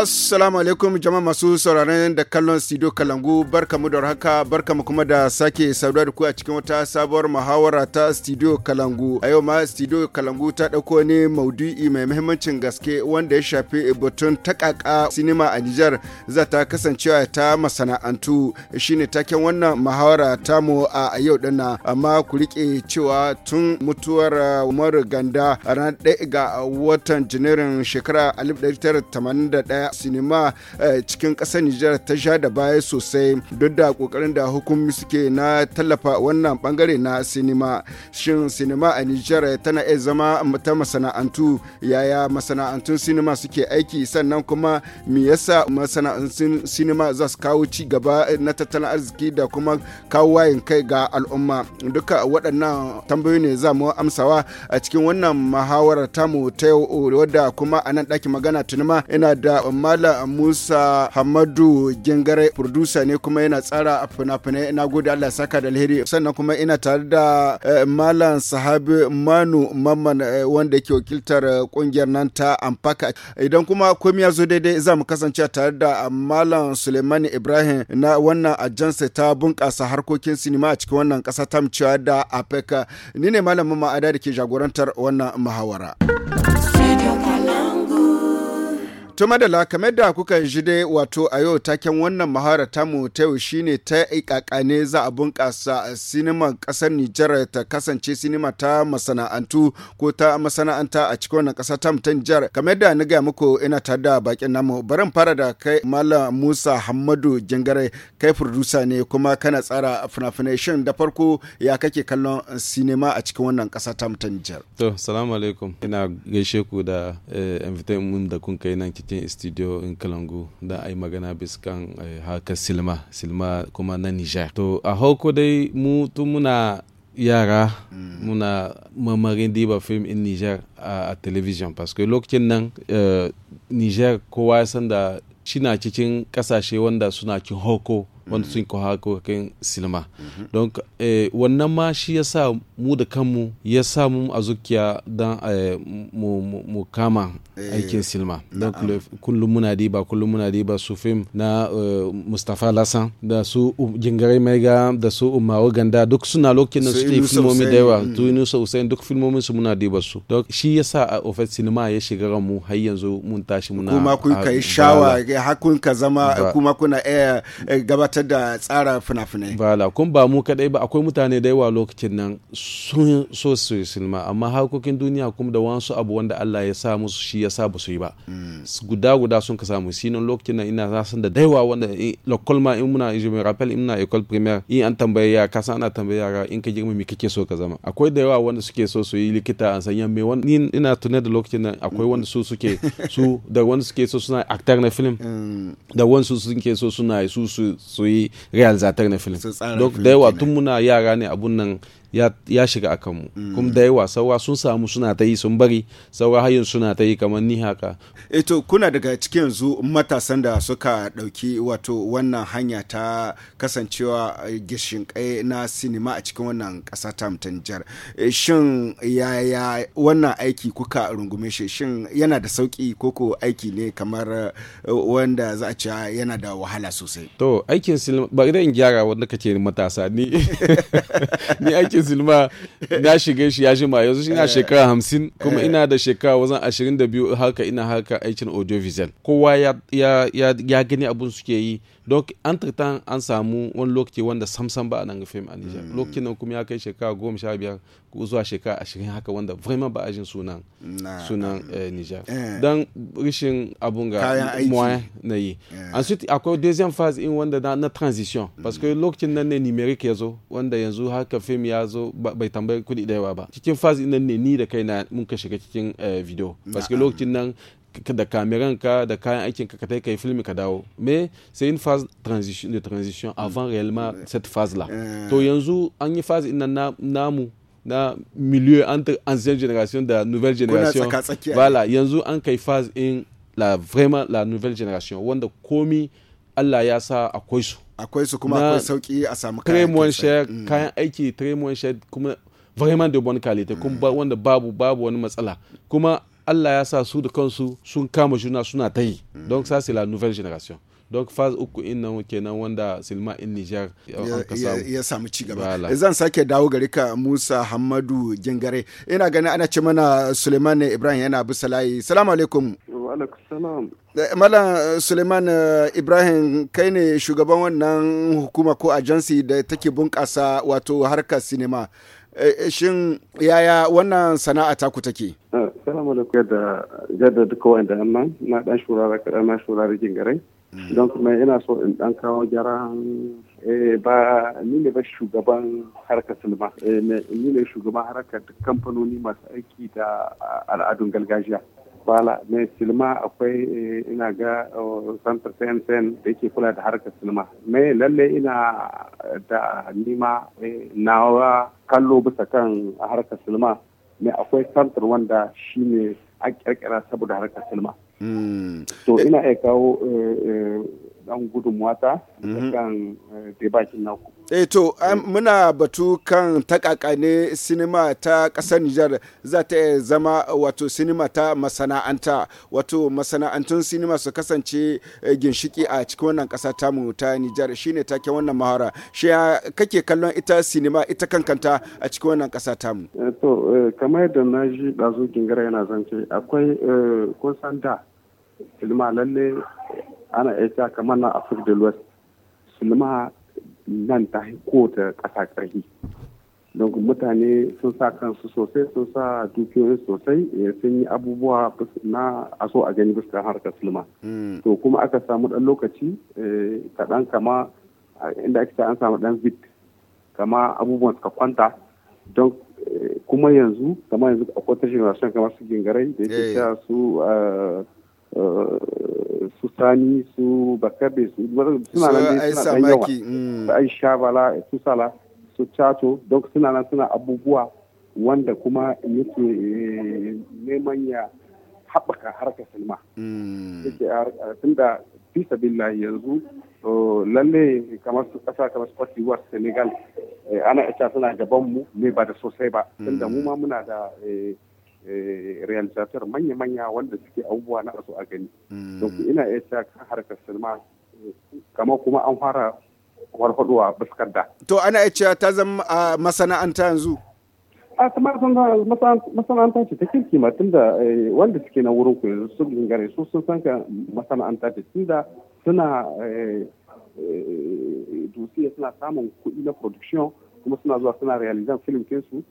Assalamu alaikum jama'a masu sauraron da kallon studio Kalangu barkamu da haka barkamu kuma da sake saduwa da ku a cikin wata sabuwar muhawara ta studio Kalangu. A yau ma studio Kalangu ta dauko ne maudu'i mai muhimmancin gaske wanda ya shafi batun takaka sinima a Nijar za ta kasancewa ta masana'antu shine taken wannan muhawara mu a yau nan amma ku rike cewa tun mutuwar Umar Ganda ranar 1 ga watan Janairun shekara 1981 sinima eh, cikin ƙasar Nijar ta sha da baya sosai duk da kokarin da hukumi suke na tallafa wannan bangare na sinima. Shin sinima a Nijar tana iya zama ta masana'antu yaya masana'antun sinima suke aiki sannan kuma me yasa masana'antun sinima za su kawo ci gaba na tattalin arziki da kuma kawo wayin kai ga al'umma duka waɗannan tambayoyi ne za mu amsawa a cikin wannan muhawarar tamu ta yau wadda kuma a nan ɗakin magana tunima ina da Malam Musa Hamadu Gingare producer ne kuma yana tsara fina-finai na gode Allah saka da alheri sannan kuma ina tare da eh, Malam Sahabi Manu Mamman eh, wanda ke wakiltar eh, kungiyar nan ta Amfaka idan kuma komai ya zo daidai za mu kasance tare da Malam Suleiman Ibrahim na wannan ajansa ta bunƙasa harkokin sinima a cikin wannan ƙasa ta da Afirka ni ne Malam Mamman Ada da ke jagorantar wannan muhawara. To madala kamar da kuka ji dai wato a yau taken wannan mahara mu ta yau shine ta ne za a bunƙasa sinima kasar Nijar ta kasance sinima ta masana'antu ko ta masana'anta a cikin wannan ƙasa ta mutan jihar. Kamar da na ga muku ina tare da bakin namu barin fara da kai Malam Musa Hamadu Jingare kai furdusa ne kuma kana tsara fina-finai shin da farko ya kake kallon sinima a cikin wannan ƙasa ta mutan jihar. To assalamu alaikum ina gaishe ku da eh, invite mun da kun kai nan cikin studio in kalangu da a yi magana biskan eh, harkar silma silma kuma na nijar to a hauko dai mu tun muna yara mm. muna mamarin diba film in niger a, television paske lokacin nan eh, niger kowa ya san da shi na cikin kasashe wanda suna cin hauko wanda sun haka harkokin silma mhm. don eh, wannan ma shi ya sa mu da kanmu ya sa mu a zukiya don eh, mu kama eh, aikin silma don kullum muna ba kullum muna ba su fim na mustapha lasan da su jingare maiga da su umaru ganda duk suna lokacin da suke filmomi da yawa mm. su nusa usain duk filmomin su muna ba su don shi ya sa a ofis sinima ya shiga mu har yanzu mun tashi muna kuma kun kai shawa har ka zama kuma kuna iya gabatar da tsara fina-finai bala kun ba mu kaɗai ba akwai mutane da yawa lokacin nan sun so su yi sinima amma harkokin duniya kuma da wasu abu wanda Allah ya sa musu shi ya sa ba su yi ba mm. guda guda sun ka samu nan lokacin nan ina san da daiwa wanda lokal ma in muna je rappel in muna ekol primaire in an tambaye ya ka ana tambaye yara in ka girma me kake so ka zama akwai da yawa wanda suke so su yi likita a sanya me wani ina tunai da lokacin nan akwai wanda su suke su da wanda suke so suna actor na film mm. da wanda su suke so suna su su su yi realizator na film da yawa tun muna yara ne abun nan ya shiga a kanmu mm. kuma da yawa sauwa sun samu suna ta yi sun bari sauwa hayin suna ta yi kamar ni haka eto eh kuna daga cikin yanzu matasan da suka ɗauki wato wannan hanya ta kasancewa eh, gishin kai na sinima a cikin wannan kasa ta mutanjar eh, shin yaya wannan aiki kuka rungume shi shin yana da sauki koko aiki ne kamar wanda za a ce yana da wahala sosai to aikin sinima bari da gyara wanda kace matasa ni ni aikin aikin silma na shiga shi ya jima yanzu shi na eh. shekara hamsin kuma eh. ina da shekara wajen ashirin da biyu haka ina haka aikin audiovisual kowa ya gani abun suke yi donc entre temps an samu wani lokaci wanda samsam ba a nan ga film hmm. a Nijar lokacin nan kuma ya kai shekara goma sha biyar zuwa shekara ashirin haka wanda vraiment ba a jin sunan sunan Niger eh. don rishin abun ga moyen na yi eh. ensuite akwai deuxième phase in wanda na transition parce que lokacin nan ne numérique ya zo wanda yanzu haka fim ya zo bai tambayi kuɗi da yawa ba cikin phase nan ne ni da kaina mun ka shiga euh, cikin video parce que lokacin nan da kameran ka da kayan aikin ka kai kai filmi ka dawo mais c'est une phase transition de transition avant réellement cette phase là eh. to yanzu an yi phase ina namu na milieu entre ancienne génération da nouvelle génération voilà yanzu an kai phase in la vraiment la nouvelle génération wanda komi Allah ya sa akwai su akwai su kuma akwai sauki a samu mm. kayan aiki kayan aiki tremon share kuma vraiment de bonne qualité kuma mm. wanda babu babu wani matsala kuma Allah ya sa su da kansu sun kama juna suna ta yi don sa la nouvelle génération Don phase uku in nan kenan wanda silma in niger ya samu ci gaba zan sake dawo gare ka musa hamadu gingare ina ganin ana ce mana suleiman ibrahim yana bi salayi. salamu alaikum eh, Malam eh, Suleiman eh, Ibrahim kai ne shugaban wannan hukuma ko ajansi da take bunƙasa wato harkar sinima. Eh, eh, shin yaya wannan sana'a ta ku take? Eh, salamu alaikum da jadda duka wa'anda yamma na dan shurara kaɗan na shurara jingarai. Hmm. Don kuma ina so in dan kawo gyaran ba ni ne ba shugaban harkar silma ni ne shugaban harkar kamfanoni masu aiki da al'adun gargajiya. kwala mai silma akwai eh, ina ga santar oh, sayan da yake kula da harkar silma mai lalle ina da nima eh, nawa kallo bisa kan harkar silma mai akwai santar wanda shi ne a kirkira saboda harkar silma hmm. to eh, ina iya kawo dan gudunmuwa ta mhm. kan eh, debakin naku. Eh to muna batu kan takakane sinima ta kasar Nijar za ta zama wato sinima ta masana'anta wato masana'antun sinima su kasance eh, ginshiki a cikin wannan kasa mu ta Nijar shine take wannan mahara shi kake kallon ita sinima ita kankanta a cikin wannan kasa tamu. Eh, to kamar yadda na ji ɗazu gingara yana zance akwai kusan da lalle ana iya cewa kamar na afirka da luwas sulma nan ta ta kasa karfi don mutane sun sa kansu sosai sun sa dukiyoyin sosai eh, sun yi abubuwa na aso a gani bisa harkar sulma hmm. to kuma aka samu ɗan lokaci eh, kaɗan kama inda ake an samu ɗan bit kama abubuwan suka kwanta don eh, kuma yanzu kama yanzu akwai tashin rashin kamar su gingarai da yake su Eh, su sani su bakabe su suna nan suna dan yawa mm. su aisha bala su sala su cato don suna nan suna abubuwa wanda kuma yake eh, neman ya haɓaka harkar silma mm. tun da fisa billa yanzu lalle kamar su ƙasa kamar su d'Ivoire senegal eh, ana ita suna gaban mu ne ba da sosai ba tunda mu ma mm. muna da Eh, realizator manya-manya wanda suke abubuwa na asu a gani hmm. don ina iya cewa kan harkar sinima kama kuma an fara warfaduwa fuskar da to ana iya cewa ta zama masana'anta yanzu a ta masana'anta ce ta kirki ma tunda eh, wanda suke na wurin ku yanzu sun gare su sun san ka masana'anta ce tunda suna eh, dusiya suna samun kuɗi na production kuma suna zuwa suna realizan film kinsu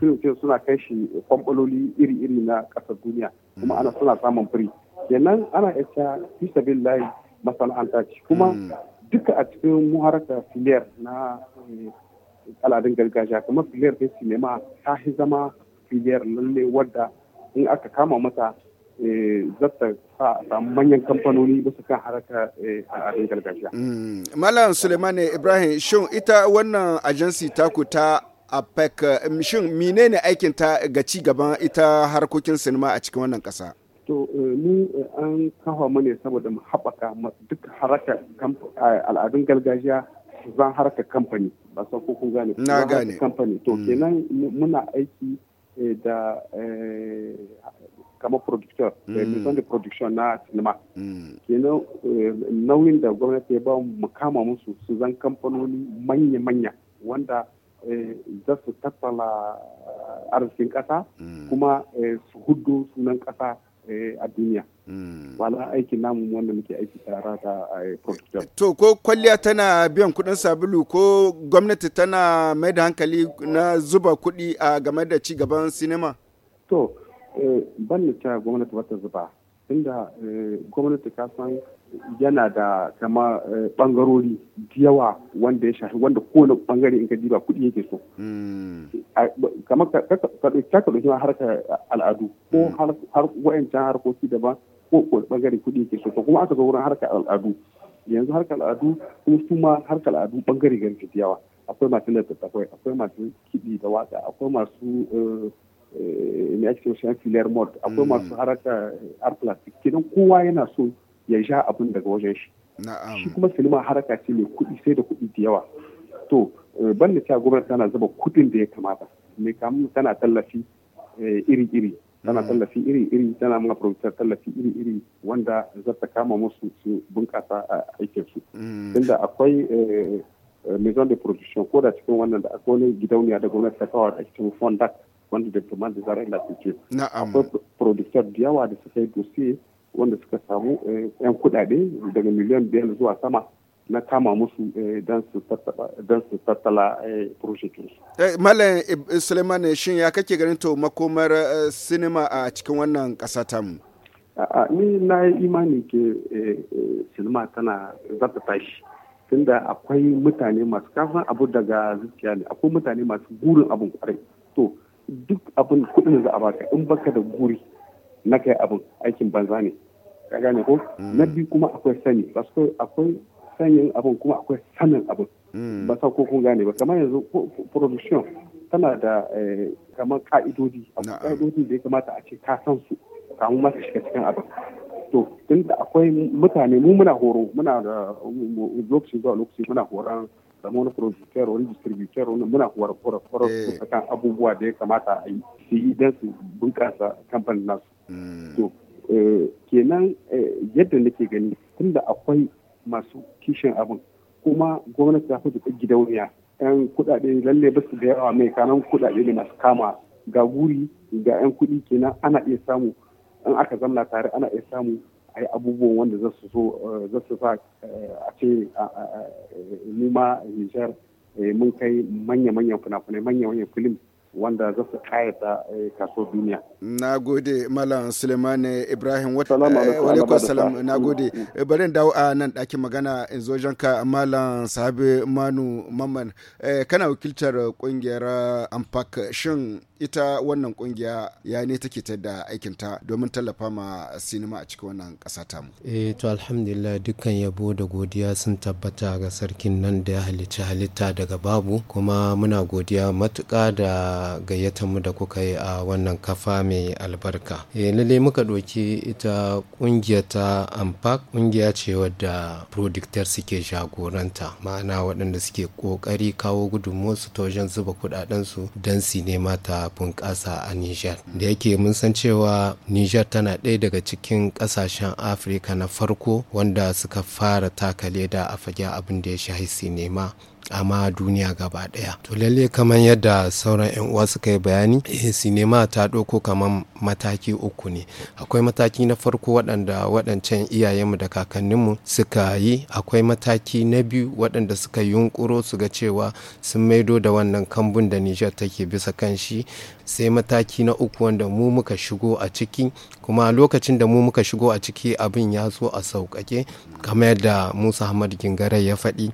filin suna kai shi kwamfaloli iri-iri na ƙasar duniya kuma ana suna samun firi kenan ana ita fisa layi masana'anta ce kuma hmm. duka a cikin muharaka filiyar na eh, al'adun gargajiya kuma filiyar ta sinema ta fi zama filiyar lalle wadda in aka kama mata eh, zata sa samu manyan kamfanoni su kan haraka eh, al'adun gargajiya. Hmm. Malam Suleimani Ibrahim shin ita wannan ajansi taku ta apec shin menene aikin ta ga ci gaban ita harkokin sinima a cikin wannan kasa to ni eh, eh, an kafa mu ne saboda mu haɓaka duk harkar eh, al'adun gargajiya zan haraka kamfani ba san ko kun gane na gane kamfani to mm. kenan muna aiki da kamar producteur maison mm. da production na sinima mm. kenan nauyin da gwamnati ya ba mu kama musu su zan kamfanoni manya-manya wanda Eh, za su tattala arzikin ƙasa mm. kuma eh, su hudu sunan ƙasa eh, a duniya. Mm. Wala aikin namu wanda muke aiki tare da Portugal. To ko kwalliya tana biyan kuɗin sabulu ko gwamnati tana mai da hankali na zuba kuɗi a game da ci gaban sinima? To ban ta gwamnati ba zuba. Tunda gwamnati ka san yana da kama bangarori eh, yawa wanda ya shafi wanda kowane bangare in ka diba kuɗi yake so hmm. kamar ka ɗauki harkar al'adu ko hmm. har wayancan harkoki daban ko bangare kuɗi yake so kuma aka zo wurin harkar al'adu yanzu harkar al'adu kuma su ma harkar al'adu bangare gari da yawa akwai masu lantarki akwai masu kiɗi da waka akwai masu ne eh, eh, ake cewa filar mod akwai hmm. masu harkar art plastic kenan kowa yana so ya sha abin daga wajen shi shi kuma sinima haraka ce mai kuɗi sai da kuɗi da yawa to eh, ban da cewa gwamnati tana zuba kuɗin da ya kamata mai kamun tana eh, mm. tallafi iri-iri tana tallafi iri-iri tana muna producer tallafi iri-iri wanda zata kama musu su bunƙasa a aikinsu mm. tunda akwai eh, maison de production ko da cikin wannan da akwai wani gidauniya da gwamnati ta kawar a cikin fondak wanda da tumar da zarar da suke akwai producer da yawa da suka yi dossier wanda suka samu 'yan eh, kudade daga miliyan biyar zuwa sama na kama musu eh, don su tattala eh, proshekinsu. Malam Suleiman shin ya kake ganin to makomar sinima a cikin wannan ƙasa mu? Ni na yi imani ke sinima tana zata tashi. Tunda akwai mutane masu kafin abu daga zuciya ne, akwai mutane masu gurin abin kwarai. To, duk abin kudin da za a baka in baka da guri na kai abin aikin banza ne. ka gane ko na mm. biyu kuma akwai sani paske akwai sanyin abin kuma akwai sanin abin mm. ba sa ko kun gane ba kamar yanzu production tana da eh, kamar ka'idodi akwai ka'idodi da ya kamata a ce ka san su kamun masu shiga cikin abin to tunda akwai mutane mu muna horo muna da lokaci zuwa lokaci muna horon zama wani producer wani distributor wani muna horon horon eh. abubuwa da ya kamata a yi su yi don su bunƙasa kamfanin nasu mm. to Eh, kenan eh, yadda nake gani tunda akwai masu kishin abin kuma gwamnati ta fita gidauniya yan kuɗaɗe lalle ba su da yawa mai kanan kuɗaɗe ne masu kama ga guri ga yan kuɗi kenan ana iya samu in aka zamna tare ana iya samu a yi abubuwan wanda za su so eh, za su sa a ce mu Nijar mun kai manya-manyan fina-finai manya-manyan filim wanda za su kayata eh, kaso duniya. Na gode Malam Suleimani Ibrahim Walaikun eh, Salam na gode. Mm, mm. eh, Barin dawo a nan ɗakin magana in zo janka Malam Sahabi Manu Mamman. Kana wakiltar ƙungiyar Ampak shin ita wannan ƙungiya ya ne take ta da aikinta domin tallafa ma sinima a cikin wannan ƙasa mu. Eh to alhamdulillah dukkan yabo da godiya sun tabbata ga sarkin nan da ya halicci halitta daga babu kuma muna godiya matuƙa da gayyata mu da kuka yi a wannan kafa mai albarka eh, lalle muka ɗauki ita ƙungiya ta ampak ƙungiya ce wadda producter suke jagoranta ma'ana waɗanda suke ƙoƙari kawo su ta wajen zuba kuɗaɗensu don su nema ta bunƙasa a niger da yake mun san cewa niger tana ɗaya daga cikin ƙasashen afirka na farko wanda suka fara takale da a fage abin da ya shahi sinema a duniya gaba daya to lalle kamar yadda sauran yan uwa suka yi bayani eh sinema ta ɗauko kamar mataki uku ne akwai mataki na farko waɗanda waɗancan iyayenmu da kakanninmu suka yi akwai mataki na biyu waɗanda suka yunkuro su ga cewa sun maido da wannan kambun da nijar take bisa kan shi sai mataki na uku wanda mu muka shigo a ciki kuma lokacin da mu muka shigo a ciki abin ya zo a sauƙaƙe kamar da musa hamad gingare ya faɗi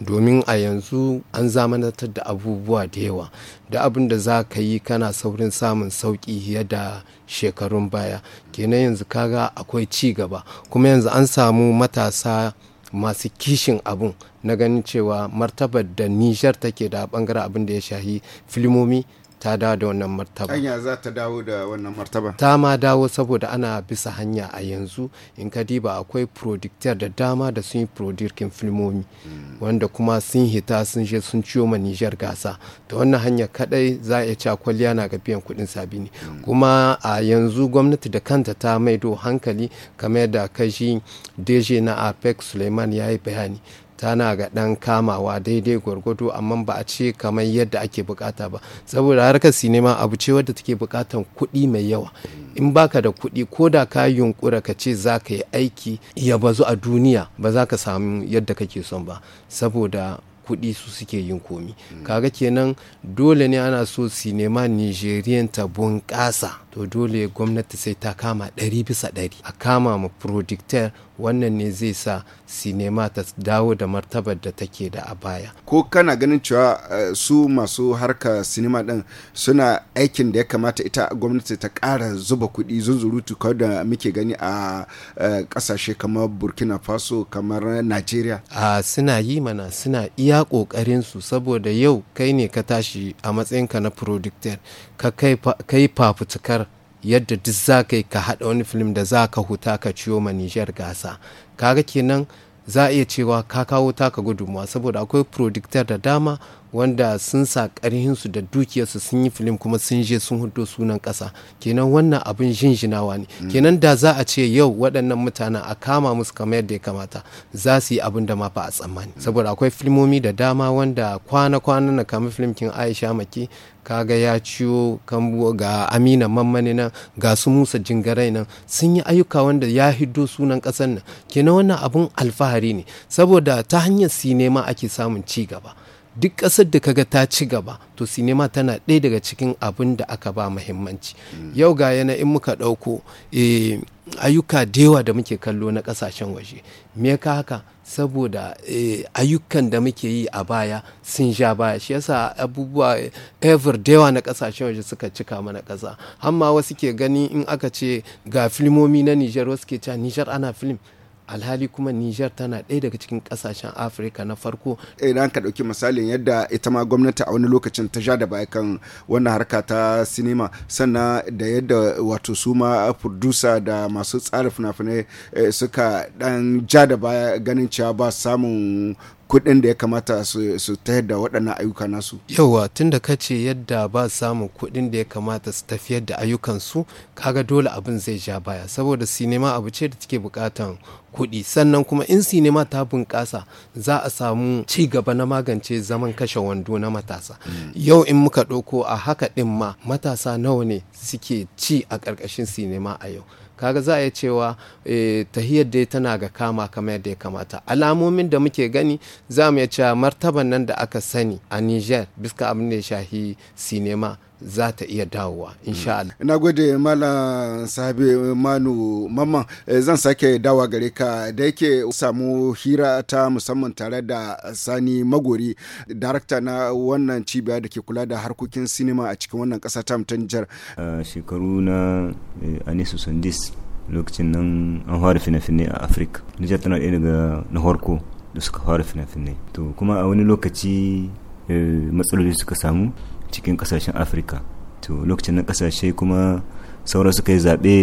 domin a yanzu an zamanantar da abubuwa da yawa da abin da za ka yi kana saurin samun sauƙi fiye da shekarun baya kenan yanzu kaga akwai ci gaba kuma yanzu an samu matasa masu kishin abun na ganin cewa martabar da nijar take da bangaren abin da ya shahi filimomi ta dawo da wannan martaba hanya za ta dawo da wannan martaba ta ma dawo saboda ana bisa hanya a yanzu in ka diba akwai producteur da dama da sun yi producing filmomi hmm. wanda kuma sun hita sun je sun ciyo ma Nijar gasa ta wannan hanya kadai za a iya cewa kwalliya na ga biyan kuɗin sabini hmm. kuma a yanzu gwamnati da kanta ta maido hankali kamar da kashi deje na apex suleiman ya yi bayani tana ga ɗan kamawa daidai gwargwado amma ba a ce kamar yadda ake bukata ba saboda harkar sinima abu ce wadda take bukatan kuɗi mai yawa in baka da kuɗi ko da ka yunkura ka ce za ka yi aiki ya bazu a duniya ba za ka samu yadda kake son ba saboda kuɗi su suke yin komi kaga kenan dole ne ana so sinema nigerian ta bunƙasa to dole gwamnati sai ta kama ɗari bisa ɗari a kama ma producteur wannan ne zai sa sinema ta dawo da martabar da take da a baya ko kana ganin cewa eh, su masu harka sinima ɗin suna aikin da ya kamata ita gwamnati ta ƙara zuba kuɗi zunzurutu kawai da muke gani a eh, ƙasashe kamar burkina faso kamar nigeria a suna yi mana suna iya iya ƙoƙarinsu saboda yau kai ne ka tashi a matsayinka na producteur ka kai fafutukar yadda duk za ka yi ka haɗa wani film da za ka huta ka ciyo ma Nijar gasa kaga kenan za a iya cewa ka kawo taka gudunmuwa saboda akwai furodiktar da dama wanda sun sa su da dukiyarsu sun yi filim kuma sun je sun hudo sunan kasa. kenan wannan abin jinjinawa ne mm. kenan da za a ce yau waɗannan mutanen a kama musu kamar yadda ya kamata za su yi abin da ma ba a tsammani mm. saboda akwai filmomi da dama wanda kwana-kwana na kama kin aisha maki kaga ya ciwo kambo ga amina mammani nan ga su musa jingarai nan sun yi ayyuka wanda ya hiddo sunan kasan nan kenan wannan abin alfahari ne saboda ta hanyar sinema ake samun ci gaba duk ƙasar da kaga ta ci gaba to sinima tana ɗaya daga cikin abin da aka ba muhimmanci mm. yau ga yana in muka ɗauko eh, ayyuka da yawa da muke kallo na ƙasashen waje me ka haka saboda eh, ayyukan da muke yi a baya sun ja baya shi yasa abubuwa ever da yawa na ƙasashen waje suka cika mana ƙasa amma wasu ke gani in aka ce ga filmomi na nijar wasu ke cewa nijar ana film alhali kuma nijar tana ɗaya daga cikin ƙasashen afirka na farko eh, idan ka ɗauki misalin yadda ita ma gwamnati a wani lokacin ta ja da baya kan wannan harka ta sinima sannan da yadda wato su ma furdusa da masu tsara fina-finai eh, suka ɗan ja da baya ganin cewa ba samun kuɗin da ya kamata su ta yadda waɗannan ayyuka nasu. Yauwa tun da kace yadda ba samun kuɗin da ya kamata su tafiyar da ayyukansu kaga dole abin zai ja baya saboda sinima abu ce da take buƙatan kuɗi sannan kuma in sinima ta bunƙasa za a samu ci gaba na magance zaman kashe wando na matasa mm. yau in muka ɗauko a haka ɗin ma matasa nawa ne suke ci a ƙarƙashin sinima a yau kaga za a iya cewa e tahiyar dai tana ga kama kamar yadda ya kamata alamomin da muke gani za mu iya cewa martaban nan da aka sani a niger biska abin da ya shahi sinema za ta iya dawowa insha Allah. Na gode Malam Sahabi Manu Mamman eh, zan sake dawa gare ka da yake samu hira ta musamman tare da Sani Magori darakta na wannan cibiya da ke kula da harkokin sinima a cikin wannan ƙasa ta mutanjar. Shekaru na eh, Anisu Sandis lokacin nan an fara fina-finai a Afirka. Nijar tana ɗaya daga na farko da suka fara fina-finai. To kuma a wani lokaci eh, matsaloli suka samu cikin kasashen afirka to lokacin na kasashe kuma saura suka yi zaɓe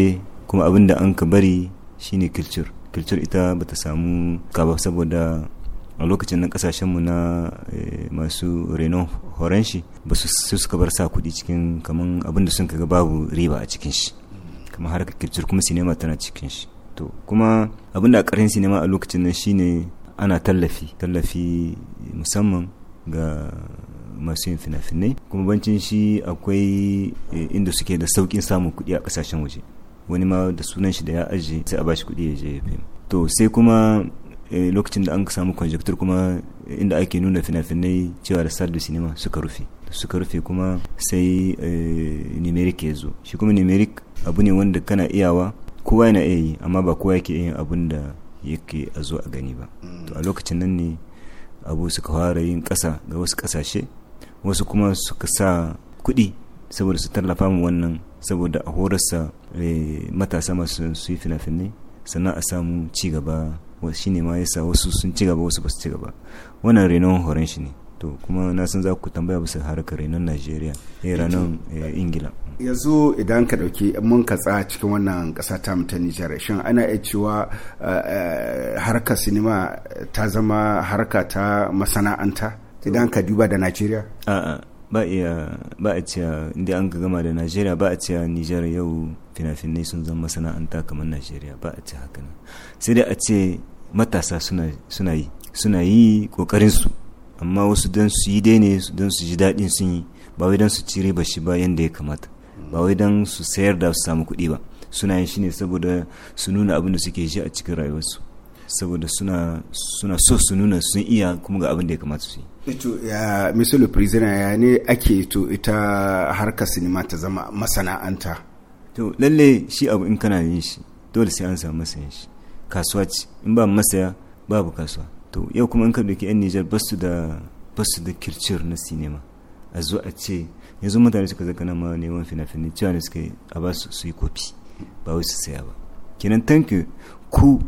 kuma abin da an ka bari shine kilcur kilcur ita ba ta samu kaba saboda a lokacin na kasashenmu eh, na masu renon horenshi ba su suka bar sa kuɗi cikin kamar abin da sun kaga babu riba a cikin shi kamar harkar kilcur kuma sinema tana cikin shi to kuma abin da a sinema a lokacin nan shine ana tallafi tallafi musamman ga masu yin fina-finai kuma bancin shi akwai eh, inda suke da saukin samun kuɗi a kasashen waje wani ma da sunan shi da ya aje sai a bashi kuɗi ya je fim to sai kuma eh, lokacin da an samu conjecture kuma inda ake nuna fina-finai cewa da sardu cinema suka rufe suka rufe kuma sai eh, numeric ya zo shi kuma numeric abu ne wanda kana iyawa kowa yana iya yi amma ba kowa yake yin abun da yake a zo a gani ba mm. to a lokacin nan ne abu suka fara yin ƙasa ga wasu ƙasashe wasu kuma suka sa kuɗi saboda su tallafa mu wannan saboda a horarsa eh, matasa masu su yi fina-finai sannan a samu ci gaba shi ne ma yasa wasu sun ci wasu ba su wannan renon horon shi ne to kuma na san za ku tambaya bisa harkar renon najeriya ya eh, ranar eh, ingila yanzu idan ka dauki mun katsa cikin wannan kasa ta mutan nijar shin ana iya cewa harkar sinima ta zama harka ta masana'anta idan ka duba da Najeriya. A'a ba iya ba a cewa inda an ka gama da Najeriya ba a cewa Nijar yau fina-finai sun zama masana'anta kamar Najeriya ba a ce haka nan. Sai dai a ce matasa suna yi suna yi kokarin su amma wasu don su yi dai ne don su ji daɗin sun yi ba wai don su ci riba shi ba yadda ya kamata ba wai don su sayar da su samu kuɗi ba suna yin shi ne saboda su nuna abin da suke ji a cikin rayuwarsu saboda suna so su nuna sun iya kuma ga abin da ya kamata su yi ya mr ya ne ake to ita harkar sinima ta zama masana'anta to lalle shi abu in kana yin shi dole sai an samu masayin shi kasuwa ce in ba masaya babu kasuwa to yau kuma in ka doki yan Nijar ba su da da kircir na sinima a zo a ce yanzu mutane suka zaka na neman fina-finai cewa ne suka a ba su yi kofi ba wai su saya ba kenan tanki ku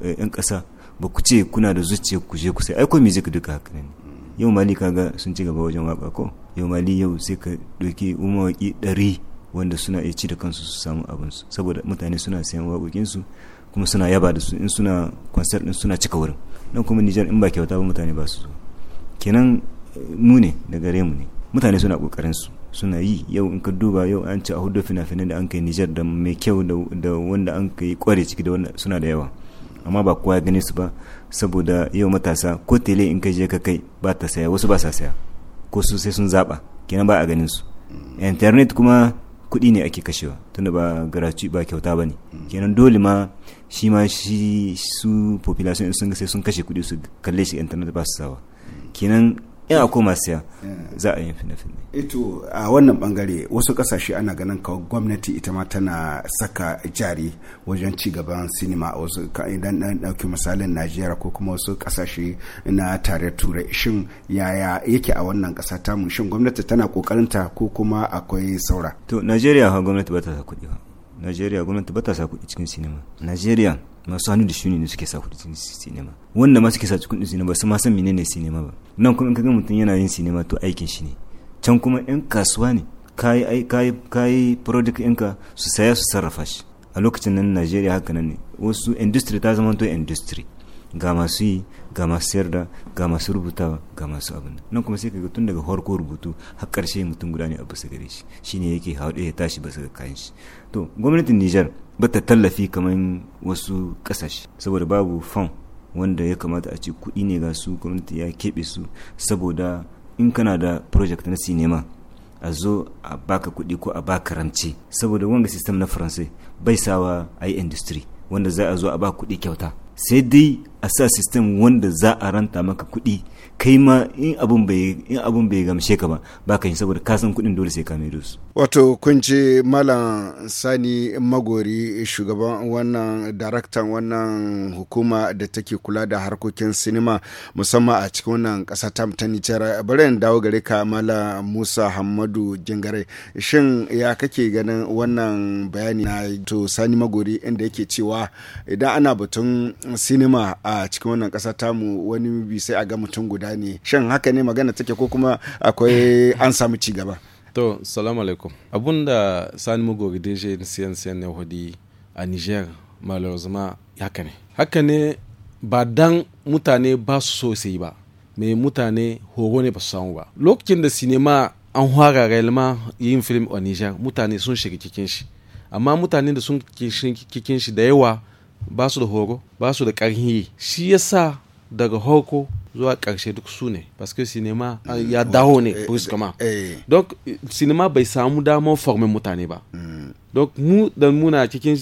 yan eh, ƙasa ba ku ce kuna da zuciya ku je ku sai aiko ka duka haka ne yau mali kaga sun ci gaba wajen waka ko yau mali yau sai ka ɗauki umawaki ɗari wanda suna iya ci da kansu su samu abinsu saboda mutane suna sayan waƙoƙinsu kuma suna yaba da su in suna concert din suna cika wurin nan kuma Nijar in ba kyauta ba mutane ba su kenan eh, mu ne da gare mu ne mutane suna kokarin su suna yi yau in ka duba yau an ci a hudu fina finai da an kai Nijar da mai kyau da wanda an kai kware ciki da wanda suna da yawa amma ba kowa ya gani su ba saboda yau matasa ko tele in ka je ka kai ba ta saya wasu ba sa saya ko su sai sun zaba kenan ba a ganin su internet kuma kuɗi ne ake kashewa tunda ba garaci ba kyauta ba ne kenan dole ma shi ma shi su population sun sai sun kashe kuɗi su kalle shi internet ba su sawa kenan ina koma siya za a yi fina fina ito eh a wannan bangare wasu kasashe ana ganin kawai gwamnati ita ma tana saka jari wajen ci gaban sinima a wasu idan na dauki misalin najeriya ko kuma wasu kasashe na tare turai shin yaya yake a wannan kasa tamu shin gwamnati tana kokarinta ko kuma akwai saura to najeriya ha gwamnati ba ta sa kuɗi ba najeriya gwamnati ba ta sa kuɗi cikin sinima najeriya masu hannu da shuni ne suke sa cikin sinema wanda ma suke sa kudin sinema ba su ma san menene sinema ba nan kuma in ka ga mutum yana yin sinema to aikin shi ne can kuma yan kasuwa ne kayi kayi kayi product ɗinka su saya su sarrafa shi a lokacin nan Najeriya haka nan ne wasu industry ta zama to industry ga masu yi ga masu sayar da ga masu rubuta ga masu abin nan kuma sai kaga tun daga farko rubutu har karshe mutum guda ne a bisa gare shi shine yake haɗe ya tashi basa ga kayan shi to gwamnatin Nijar ta tallafi kamar wasu kasashe. saboda babu fam wanda ya kamata a ce kuɗi ne ga su gwamnati ya keɓe su saboda in kana da project na sinema a zo a baka kuɗi ko a baka ramce saboda wanga system na faransai bai sawa a yi industry wanda za a zo a ba kuɗi kyauta sai dai a sa sistem wanda za a ranta maka kuɗi kai ma in abin bai gamshe ka ba ba ka yi saboda kasan kuɗin dole sai ka mai su wato kunci malam sani magori shugaban wannan daraktan wannan hukuma da take kula da harkokin sinima musamman a cikin wannan kasa ta ta nijar bari in dawo gare ka malam musa hamadu jingare shin ya kake ganin wannan bayani na to sani magori inda yake cewa idan ana batun sinima a cikin wannan ƙasa tamu wani bi sai a ga mutum guda ne shin haka ne magana take ko kuma akwai an samu ci gaba to salamu alaikum da sani mugori deje siyan siyan ne hudi a niger malheureusement haka ne haka ne ba dan mutane ba su so su yi ba mai mutane horo ne ba su samu ba lokacin da sinima an hwara railma yin film a niger mutane sun shiga kikin shi amma mutane da sun kikin shi da yawa ba su da horo ba su da ƙarhi. shi yasa daga hoko zuwa karshe duk su ne paske sinima ya dawo ne eh, brusquement eh, eh. donc sinima bai samu damar forme mutane ba hmm. donc mu da muna cikin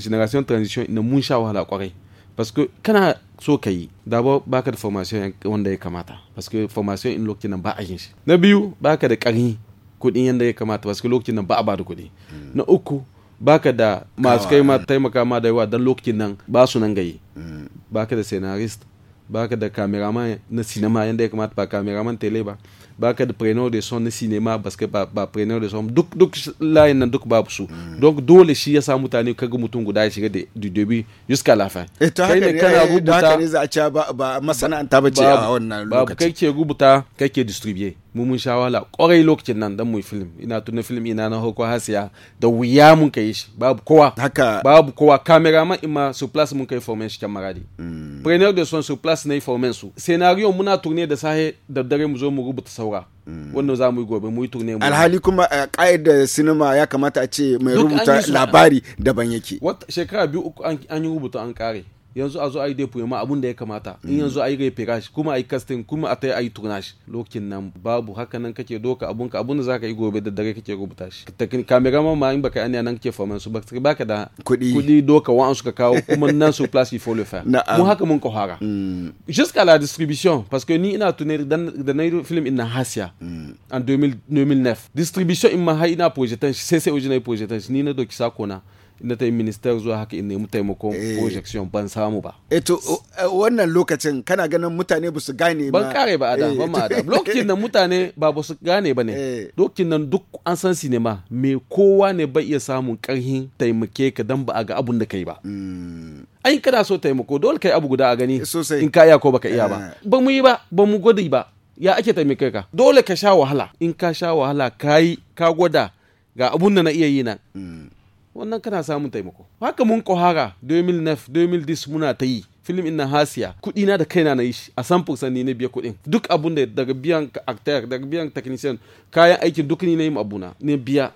generation transition na mun sha wahala kwarai paske kana so ka yi dabo baka da formation wanda ya kamata paske formation in lokacin nan ba a yin shi na biyu baka da ƙarni kudin yanda ya kamata paske lokacin nan ba a ba da kudi hmm. na uku baka da masu kai ma taimaka ma da yawa don lokacin nan ba su nan gayi hmm. baka da scenarist baka de cameraman na cinéma yadda ya kamata ba kameraman tele ba baka de preneur de son na parce que ba ba preneur de son duk duk layin nan duk busu su hmm. donc dole shi yasa mutane kaga mutum guda ya shiga du début jusqu'à la fin et toi haka kana rubuta haka ne za a ba masana'anta ba ce a wannan lokaci babu kai ke rubuta kai ke distribuer mu mun sha wahala kwarai lokacin nan dan mu film ina tuna film ina na hoko hasiya da wuya mun kai shi babu kowa haka babu kowa cameraman ima su plus mun kai formen shi kamaradi mm. premier de son su plus na formen su scenario muna tourner da sahe da dare mu zo mu rubuta saura mm. wannan za mu yi gobe mu yi turne mu alhali kuma a eh, ƙa'idar sinima ya kamata a ce mai rubuta labari daban yake shekara biyu uku an yi rubuta an kare yanzu a zo a yi depo ma abun da ya kamata in mm. yanzu a yi gai firash kuma a yi kastin kuma a ta yi turnash lokin nan babu haka nan kake doka abun ka abun da zaka yi gobe da dare kake rubuta shi kamera ma ma in baka yi nan kake faman su baka da kudi kudi doka an suka kawo kuma nan su plus il faut le faire mu haka mun kohara mm. jusqu'à la distribution parce que ni ina tunir dan da na film in hasiya mm. en 2009 distribution in ma har ina projetan shi sai sai ojina projetan shi ni na doki sako na na ta yi minister zuwa haka in nemi taimako eh. projection ban samu ba. Eto eh, eh, wannan lokacin kana ganin mutane ba su gane ba. Ban kare ba adam ban ma adam. Lokacin nan mutane ba ba su gane ba ne. Lokacin nan duk an san sinema me kowa ne ba iya samun karhin taimake ka dan ba a ga abun da kai ba. Hmm. Ai kana so taimako dole kai abu guda a gani in ka iya ko baka iya ba. Ba mu yi ba ba mu gwadi ba. Ya ake taimake ka dole ka sha wahala in ka sha wahala yi ka gwada ga abun da na iya yi nan. Hmm. wannan kana samun taimako haka mun kohara 2009 2010 muna ta yi filim ina hasiya kudi na da kaina na yi shi a samfur sani na biya kudin duk abun da daga biyan actor daga biyan technician kayan aikin duk ni na yi abuna ne biya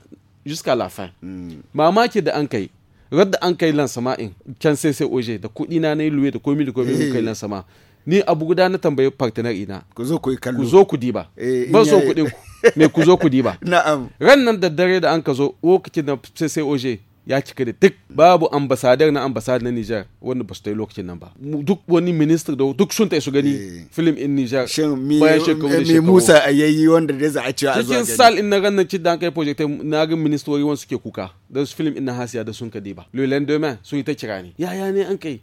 jusqu'à la fin mm. mamaki da an kai da an kai lan sama'in can sai sai oje da kudi na na yi luwe da komi da komi mun kai eh. lan sama ni abu guda na tambayi partner ina ku zo ku kallo ku zo ku diba eh, ban so kudin ku me ku zo ku diba na'am ran nan da dare da an ka zo lokacin da sai sai oje ya cika da duk babu ambasadar na ambasadar na Nijar wanda ba su ta yi lokacin nan ba duk wani minister da duk sun ta su gani eh. film in Nijar bayan shekaru da shekaru Musa yayi wanda dai za a ci a zuwa cikin sal in na ranar cin da an kai project na ga ministeri wanda suke kuka da su film in na hasiya da sun kade ba le lendemain sun yi ta kira ne yaya ne an kai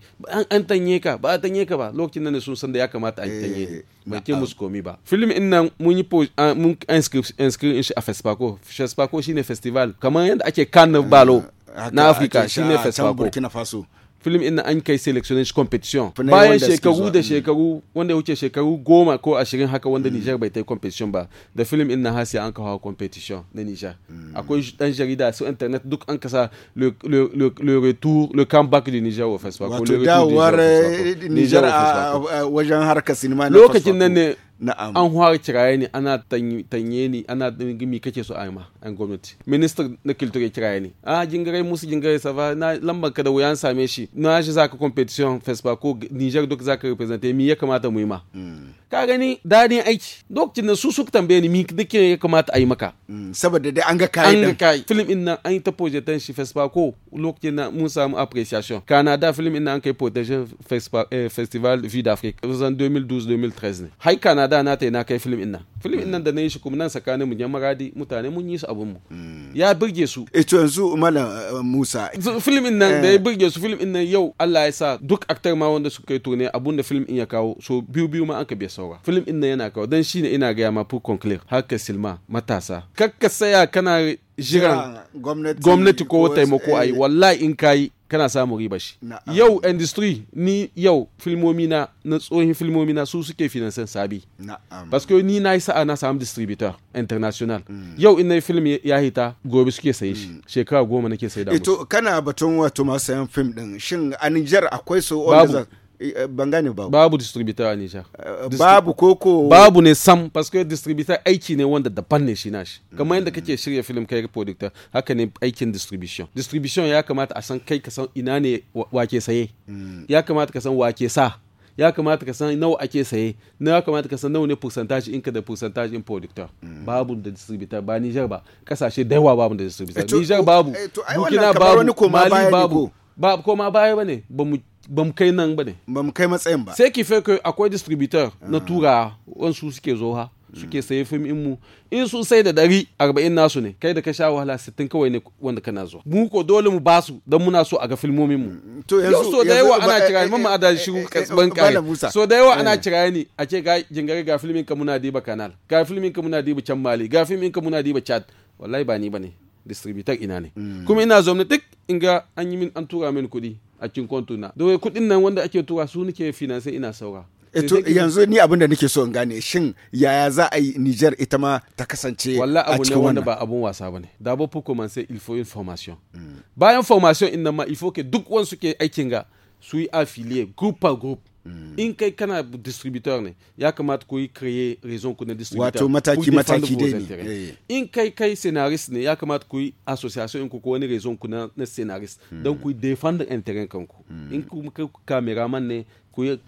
an tanye ka ba a tanye ka ba lokacin nan sun san da ya kamata an tanye eh, Ba ke musu komi ba film in nan mun yi mun inscription shi a Fespaco Fespaco shine festival kamar yadda ake balo. na afirka ne faso film ina an kai selection shi competition bayan shekaru da mm. shekaru wanda ya wuce shekaru goma ko ashirin haka wanda mm. Nijar bai ta yi competition ba da film ina na an kawo competition na Nijar mm. akwai dan jarida su internet duk an kasa le, le, le, le retour le comeback de Nijar wa Fesfako wato dawar eh, Nijar a wajen harkar sinima na lokacin nan ne na'am an hwari kiraye ni ana tanye ne ana gimi kake so a ma an gwamnati minister na culture kiraye ni a ah, jingare musu jingare sa na lambar ka da wuyan same shi na shi ka competition fesba ko Niger duk ka represent mi ya kamata mu yi ma mm. ka gani dadin aiki lokacin da su suka tambaye ni mi dake ya kamata a yi maka mm, saboda dai an ga kai an ga kai film din nan an yi ta projection shi fesba ko lokacin na mun samu appreciation Canada film din nan an kai projection eh, festival Vie d'Afrique 2012 2013 ne hai Canada da na ta na kai film ina film ina da na yi shi kuma nan tsakanin mu yan maradi mutane mun yi su abun mu mm. ya burge su e to yanzu mala eh, musa film nan da ya eh. burge su film nan yau Allah ya sa duk aktar ma wanda suka yi ne abun da film in ya kawo so biyu biyu ma an ka biya saura film in nan yana kawo dan shine ina ga ma pour conclure haka silma matasa kakka saya kana jiran gwamnati ko taimako ayi wallahi in kayi kana samun riba shi yau industry ni yau filmomi na na tsohin filmomi na su suke finansan sabi parce ni na yi sa'a na samu distributor international mm. yau in na film ya hita gobe suke saye shi mm. shekara goma nake sai da musu kana batun wato masu sayan film din shin a nijar akwai so babu Eh, eh, ban gane ba babu distributor a Nijar eh, babu koko babu ne sam parce que distributor aiki ne wanda daban ne shi nashi mm. kamar yadda kake shirya film kai producer haka ne aikin distribution distribution ya kamata a san kai ka san ina ne wake saye mm. ya kamata ka san wake sa ya kamata ka san nawa ake saye na ya kamata ka san nawa ne percentage inka da percentage in producer mm. babu da distributor ba Niger ba kasashe da yawa babu da distributor Niger babu Burkina babu Mali babu ba koma baya bane ba mu ba mu kai nan ba ne ba mu kai matsayin ba sai ki kai akwai distributor ah. na tura wansu suke zo ha suke saye fim in mu in sun sai da dari arba'in nasu ne kai da ka sha wahala sittin kawai ne wanda kana zuwa mu ko dole mu basu don muna so a ga filmomin mu mm, to yanzu so da yawa ana kira ni mamma ada shi kasban kare so da yawa ana kira ni a ce ga jingare ga filmin ka muna diba kanal ga filmin ka muna diba can mali ga filmin ka muna diba chat wallahi ba ni bane distributor ina ne mm. kuma ina ne duk in ga an yi min an tura min kuɗi a cikin kontuna wai kuɗin nan wanda ake tura su nake finance ina saura eto eh, yanzu ni abin da nake so in gane shin yaya za a yi Niger ita ma ta kasance walla abu ne wanda ba abun wasa bane da ba fuko man sai il faut une formation bayan formation inna ma il faut que duk wansu ke aikin ga su yi affiliate group par group Hmm. in kai kana distributeur ne ya kamata ku yi kreye raison ku na distributeur. wato mataki mataki dai ne eh, eh. in kai kai scenarist ne ya kamata ku yi association in ku ko wani raison ku na scenarist hmm. don ku defend intérêt kanku hmm. in ku cameraman ne ku yi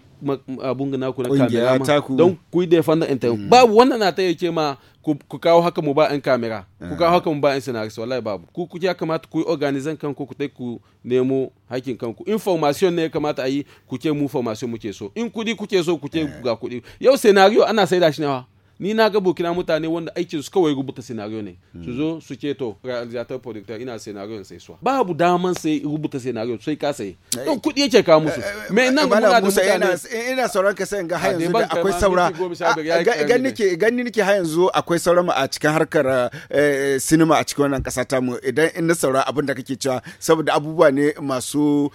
abun na ku na man don ku yi defend intérêt Ba wannan na ta yake ma ku kawo haka mu ba in kamera ku kawo eh. haka mu ba 'yan sinaris wallahi babu ku ku ya kamata ku organize kanku ku ku nemo hakin kanku information ne ya kamata ayi ku ce mu formation muke so in kudi kuke so ku ce eh. ga kudi yau scenario ana saida shi ne wa. ni na ga bukina mutane wanda aikin su kawai rubuta scenario ne su zo su ce to realizator producer ina scenario sai suwa babu daman sai rubuta scenario sai ka sai eh, don kudi yake ka musu eh, eh, me nan ga da mutane ina sauran ka sai ga har ah, yanzu akwai saura ah, gan nike gan nike har yanzu akwai saura mu a cikin harkar cinema a cikin wannan kasa ta mu idan in na saura abin da kake cewa saboda abubuwa ne masu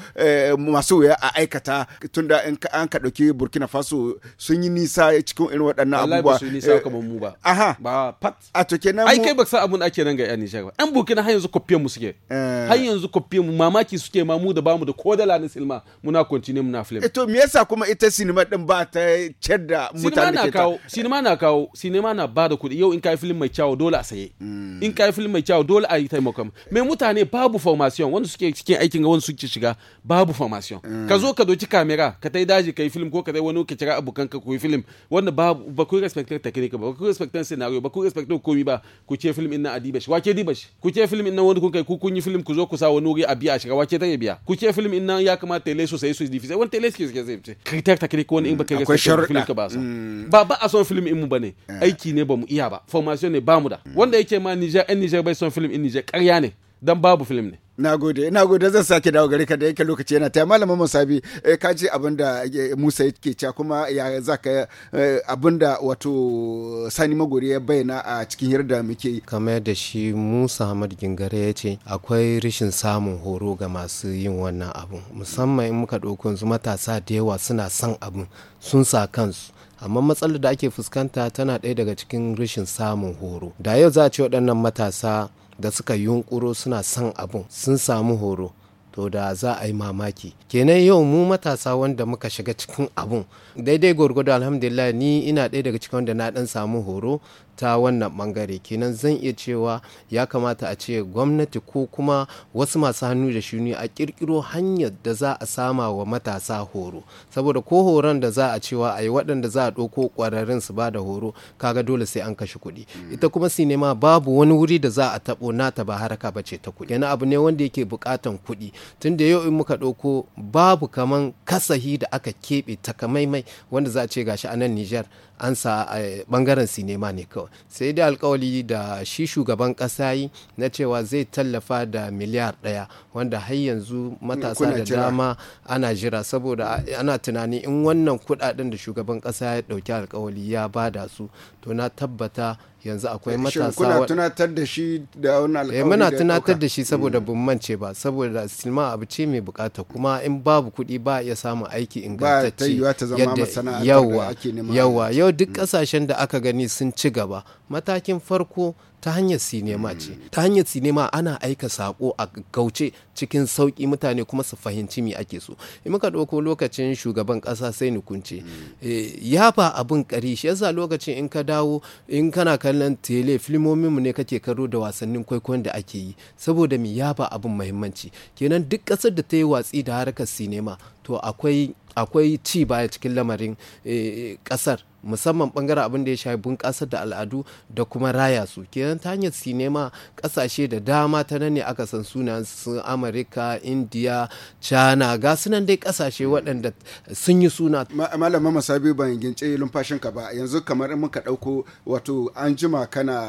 masu wuya a aikata tunda an ka dauki Burkina Faso sun yi nisa cikin irin waɗannan abubuwa ya eh, kama mu ba. Aha. Ba pat. A to kenan mu. Ai kai baka san abun ake nan ga yan Nijar ba. Yan Burkina har yanzu kofiyan mu suke. Eh. Har yanzu kopiyen mu mamaki suke ma mu da mu da kodala na silma muna kwanci muna film. Eh, to me yasa kuma ita sinima din ba ta cedda da mutane ke ta. Sinima na kawo sinima na ba da kuɗi yau in kai film mai kyau dole a saye. Hmm. In kai film mai kyau dole a yi taimaka. Me mutane babu formation wanda suke cikin aikin ga wanda suke shiga babu formation. Hmm. Ka zo ka doki kamera ka tai daji kai film ko ka tai wani ka kira abokan ka ko film wanda babu ba ku respect ka ne ka ba ku respectan scenario ba ku respectan komi ba ku ce film ina a diba shi wake diba shi ku ce film ina wanda kun kai ku kun yi film ku zo ku sa wani wuri a biya shi wake ta biya ku ce film ina ya kamata tele su sai su difi wani tele ke sai ce critique ta kire ko wani in baka respectan film ka ba sa mm. ba ba a son film in mu bane eh. aiki ne ba mu iya ba formation ne ba mu da wanda yake ma Niger en Niger bai son film in Niger ƙarya ne dan babu film ne na gode na gode zan sake dawo gare ka da yake lokaci yana taya malamin musabi eh, ka ji abin eh, musa yake cewa kuma ya za ka eh, abin da wato sani magori ya bayyana a cikin da muke yi kamar da shi musa hamad gingare ya ce akwai rashin samun horo ga masu yin wannan abu musamman in muka ɗauko yanzu matasa da yawa suna son abin sun sa kansu amma matsalar da ake fuskanta tana ɗaya daga cikin rashin samun horo da yau za a ce waɗannan matasa da suka yunkuro suna son abun sun samu horo to da za a yi mamaki kenan yau mu matasa wanda muka shiga cikin abun daidai gwargwado alhamdulillah ni ina ɗaya daga cikin wanda na ɗan samu horo ta wannan bangare kenan zan iya cewa ya kamata a ce gwamnati ko kuma wasu masu hannu da shuni a kirkiro hanyar da za a sama wa matasa horo saboda ko horon da za a cewa a yi waɗanda za a ɗauko ƙwararrun su ba da horo kaga dole sai an kashe kuɗi mm. ita kuma sinema babu wani wuri da za a taɓo nata ba haraka ba ce ta kuɗi yana abu ne wanda yake buƙatan kuɗi tunda yau in muka ɗauko babu kaman kasahi da aka keɓe takamaimai wanda za a ce gashi a nan Nijar an sa a bangaren sinema ne kawai sai dai alkawali da shi shugaban kasa yi na cewa zai tallafa da miliyar daya wanda har yanzu matasa da dama ana jira saboda ana tunani in wannan kudaden da shugaban kasa ya dauki alkawali ya bada su to na tabbata yanzu akwai eh, matasa wa tunatar da shi da wani eh, alƙawari muna tunatar da shi saboda mm. mance ba saboda silma abu ce mai bukata kuma in babu kuɗi ba ya samu aiki ingantacce yadda yawa yawa yau duk hmm. ƙasashen da aka gani sun ci gaba matakin farko ta hanyar sinema ce hmm. ta hanyar sinema ana aika sako a gauce cikin sauki mutane kuma su fahimci me ake so in muka ɗauko lokacin shugaban ƙasa sai ni kunce hmm. eh, ya ba abin ƙari shi yasa lokacin in ka dawo in kana kallon tele filmominmu ne kake karo da wasannin kwaikwayon da ake yi saboda mi ya ba abin mahimmanci kenan duk ƙasar da ta yi watsi da harkar sinema to akwai ci baya cikin lamarin eh, ƙasar musamman bangaren abin da ya shafi bunƙasar da al'adu da kuma raya su kenan ta hanyar sinema ƙasashe da dama ta nan ne aka san sunan su amerika indiya china ga sunan dai ƙasashe waɗanda sun yi suna malama masabi ban gince lumfashin ka ba yanzu kamar in muka ɗauko wato an jima kana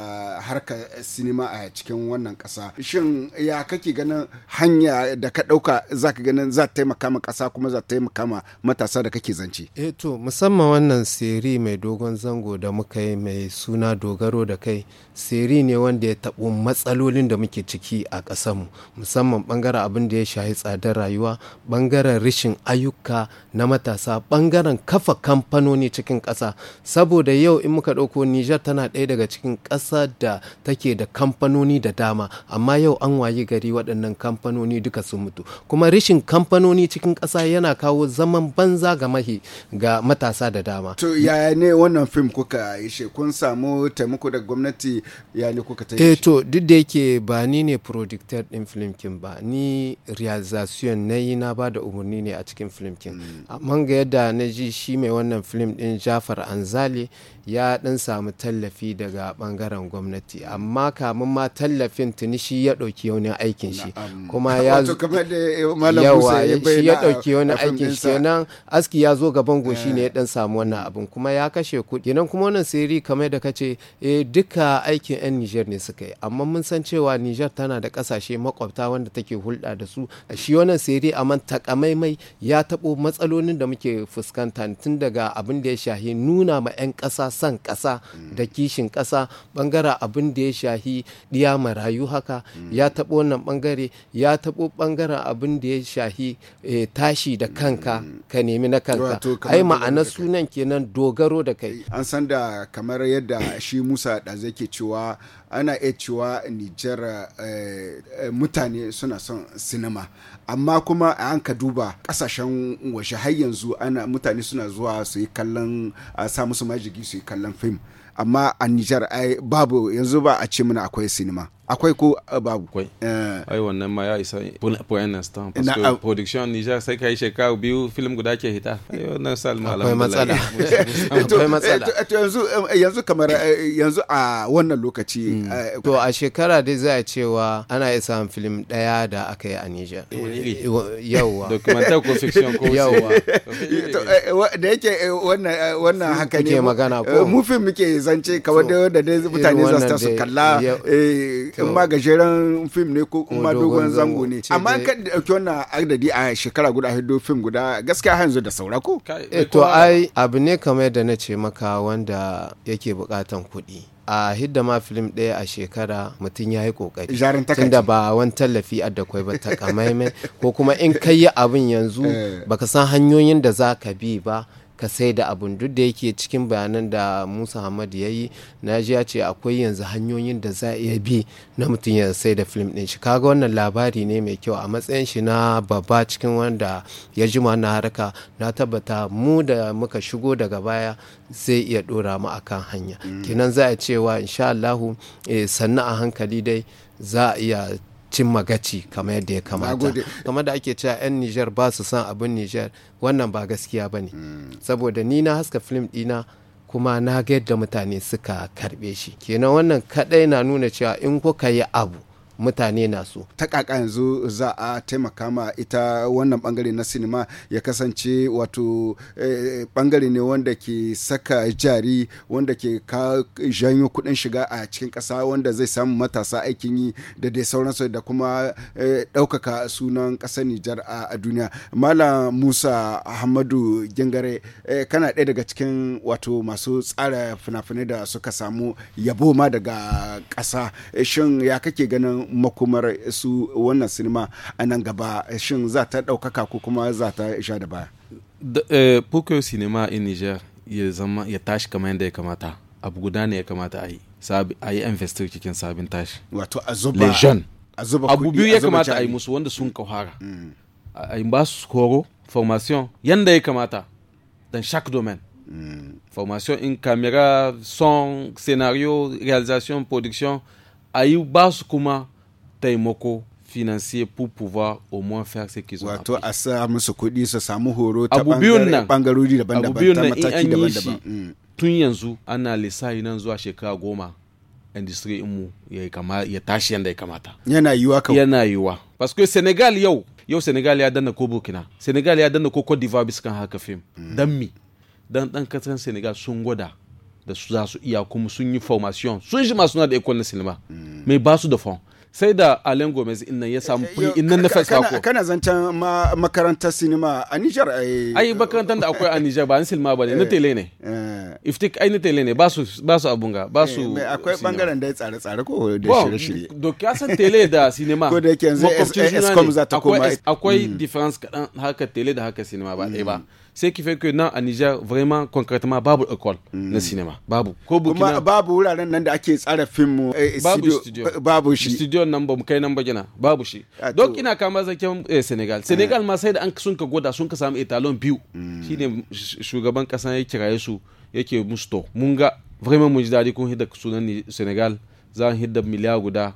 harka sinima a cikin wannan ƙasa shin ya kake ganin hanya da ka ɗauka za ka ganin za ta taimaka ma ƙasa kuma za ta taimaka ma matasa da kake zance eh to musamman wannan siri mai dogon zango da muka yi mai suna dogaro da kai seri ne wanda ya taɓo matsalolin da muke ciki a ƙasanmu musamman ɓangaren abin da ya shahi tsadar rayuwa ɓangaren rishin ayyuka na matasa ɓangaren kafa kamfanoni cikin ƙasa saboda yau in muka ɗauko nijar tana ɗaya daga cikin ƙasa da take da kamfanoni da dama amma yau an wayi gari waɗannan kamfanoni duka sun mutu kuma rishin kamfanoni cikin ƙasa yana kawo zaman banza ga mahi ga matasa da dama to yaya ne wannan fim kuka yi shi kun samu taimako daga gwamnati ya ne kuka ta yi eh to duk da yake ba ni ne producer din film kin ba ni realization na yi na ba da umarni ne a cikin film kin hmm. amma ga yadda na ji shi mai wannan film din Jafar Anzali ya dan samu tallafi daga bangaren gwamnati amma kamun ma tallafin tuni shi ya ɗauki wani aikin shi kuma ya eh, yawa shi ya ɗauki wani aikin shi nan aski ya zo gaban goshi ne ya dan eh. samu wannan abin kuma ya ya kashe kuɗi nan kuma wannan siri kamar da kace e eh, duka aikin 'yan Nijar ne suka yi amma mun san cewa Nijar tana da kasashe makwabta wanda take hulɗa da su shi wannan siri man takamaimai ya taɓo matsalolin da muke fuskanta tun daga abin da ya shahi nuna ma 'yan ƙasa san ƙasa da mm. kishin ƙasa bangara abin da ya shahi ɗiya marayu haka mm. ya taɓo wannan bangare ya taɓo bangaren abin da ya shahi eh, tashi da kanka mm. ka nemi na kanka ai ma'anar sunan kenan dogaro dogaro da kai an san da kamar yadda shi musa da zai ke cewa ana iya cewa nijar eh, mutane suna son sinima amma kuma an ka duba kasashen waje har yanzu ana mutane suna zuwa su yi kallon sa musu majigi su yi kallon fim amma a nijar babu yanzu ba a ce mana akwai sinima akwai ko eh, babu kwai eh. ai wannan ma ya isa pour un instant parce que production Niger sai kai shekaru biyu film guda ke hita ai wannan salma akwai matsala akwai eh, matsala to yanzu yanzu kamar yanzu a wannan lokaci hmm. to a shekara dai za a cewa ana isa film daya da aka yi a Niger yawa documental ko fiction ko yawa da yake wannan wannan haka ne magana ko mu film muke zance kawai da mutane za su kalla in ma gajeren fim ne ko kuma dogon zango ne amma an kan dauki wannan adadi a shekara guda hiddo fim guda gaskiya yanzu da saura ko eh to ai abu ne kamar da na ce maka wanda yake bukatan kuɗi a hidda ma film ɗaya a shekara mutum ya yi ƙoƙari tunda ba wani tallafi a dakwai ba ta kamaimai ko kuma in kai abin yanzu eh. baka san hanyoyin da za ka bi ba ka sai da abun duk da yake cikin bayanan da musa hamad ya yi na ji ya ce akwai yanzu hanyoyin da za iya bi na mutum ya sai da film din shi kaga wannan labari ne mai kyau a matsayin shi na babba cikin wanda ya jima na haraka na tabbata mu da muka shigo daga baya zai iya dora mu akan hanya mm. kenan za a cewa insha Allahu eh, sannu a hankali dai za a iya cimma gaci kamar yadda ya kamata kamar da ake cewa 'yan nijar ba su san abin nijar wannan ba gaskiya ba ne saboda ni na haska film dina kuma na ga yadda mutane suka karbe shi kenan wannan kadai na nuna cewa in kuka yi abu mutane na so. Ta kaka yanzu za a taimaka ma ita wannan bangare na sinima ya kasance wato eh, bangare ne wanda ke saka jari wanda ke ka janyo kudin shiga a cikin kasa wanda zai samu matasa aikin yi da dai sauransu da kuma eh, ɗaukaka sunan ƙasar Nijar a duniya. Malam Musa Ahmadu Gingare eh, kana ɗaya daga cikin wato masu tsara fina-finai da suka samu yabo ma daga ƙasa. Shin ya kake ganin ganin makomar su wannan sinima a nan gaba shin za ta ɗaukaka ko kuma za ta sha da baya eh, Pokyo sinima a Niger ya zama ya tashi kamar yadda ya kamata abu guda ne ya kamata a yi a yi investir cikin sabin tashi wato a zuba abu biyu ya kamata a yi musu wanda sun kawara mm. a yi ba su horo formation yadda ya kamata dan chaque domaine mm. formation in camera son scenario realization production a yi ba su kuma taimako financier pour pouvoir au moins faire ce qu'ils ont wato a sa musu kuɗi su samu horo ta bangarori daban-daban ta mataki daban-daban mm. tun yanzu ana lissafi nan zuwa shekara goma industry mu ya tashi yanda ya kamata yana yiwa kawai yana yiwa parce que Senegal yau yau Senegal ya danna ko Burkina Senegal ya danna ko Cote d'Ivoire bisa kan haka fim mm. dan mi dan dan kasan Senegal sun gwada da su za su iya kuma sun yi formation sun shi masu na da ikon na sinima mai mm. ba su da fon sai da Alain Gomez inna ya samu free inna na first ko kana zancan makarantar sinima a Niger ai makarantar da akwai a Niger ba silma ba ne na eh, tele ne eh. iftik ai na tele ne ba su ba su abunga ba eh, su akwai bangaren da ya tsare tsare ko da shirye shirye to ka san tele da sinima ko da yake yanzu Escom za ta koma akwai hmm. difference kadan haka tele da haka sinima ba ɗaya ba hmm. ce qui fait que nan a Niger vraiment concrètement babu école le hmm. cinéma babu ko kuma babu wuraren nan da ake tsara film eh, babu eh, studio babu shi studio nan ba mu kai nan ba babu shi ah, don ina kama zaken eh, Senegal Senegal ma sai da an sun ka goda sun ka samu etalon biyu hmm. shine shugaban kasa ya kiraye su yake musto mun ga vraiment mun ji dadi kun hidda sunan Senegal za hidda miliya guda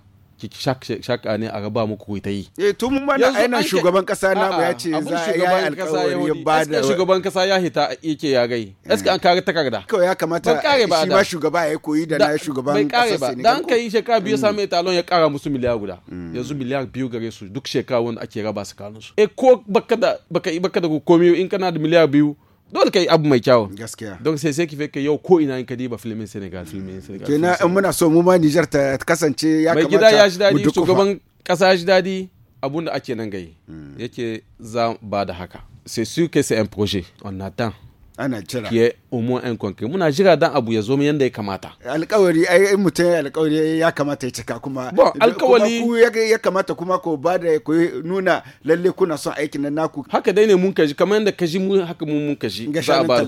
shaka ne a ba muku ta yi. Eh tun bana aina shugaban kasa na ya ce za a yi alkawari ya ba da. shugaban kasa ya hita yake ya gai. Eh. Eske an kare takarda. Kawai ya kamata shi ma shugaba ya koyi da na shugaban kasa Senegal. Dan kai shekara biyu samu etalon ya kara mm. musu miliyar guda. Mm. Yanzu miliyar biyu gare su duk shekara wanda ake raba su su. Eh ko baka da baka da komi in kana da miliyar biyu. dole yi abu mai kyawun gaskiya don sai sai ki fake yau ko ina in ka diba filmin Senegal filmin Senegal kenan in muna so mu ma Niger ta kasance ya kamata mai gida ya shi dadi shugaban kasa ya shi dadi abun da ake nan gai hmm. yake za ba da haka sai su kai sai un projet on attend ana cira ke umu moins un muna jira dan abu ya zo mu yanda ya kamata alkawari ai in mutum ya alkawari ya kamata ya cika kuma bon alkawari ya kamata kuma ko ba da ku nuna lalle kuna son aikin nan naku haka dai ne mun kaji kamar yanda kaji mu haka mun mun kaji za ba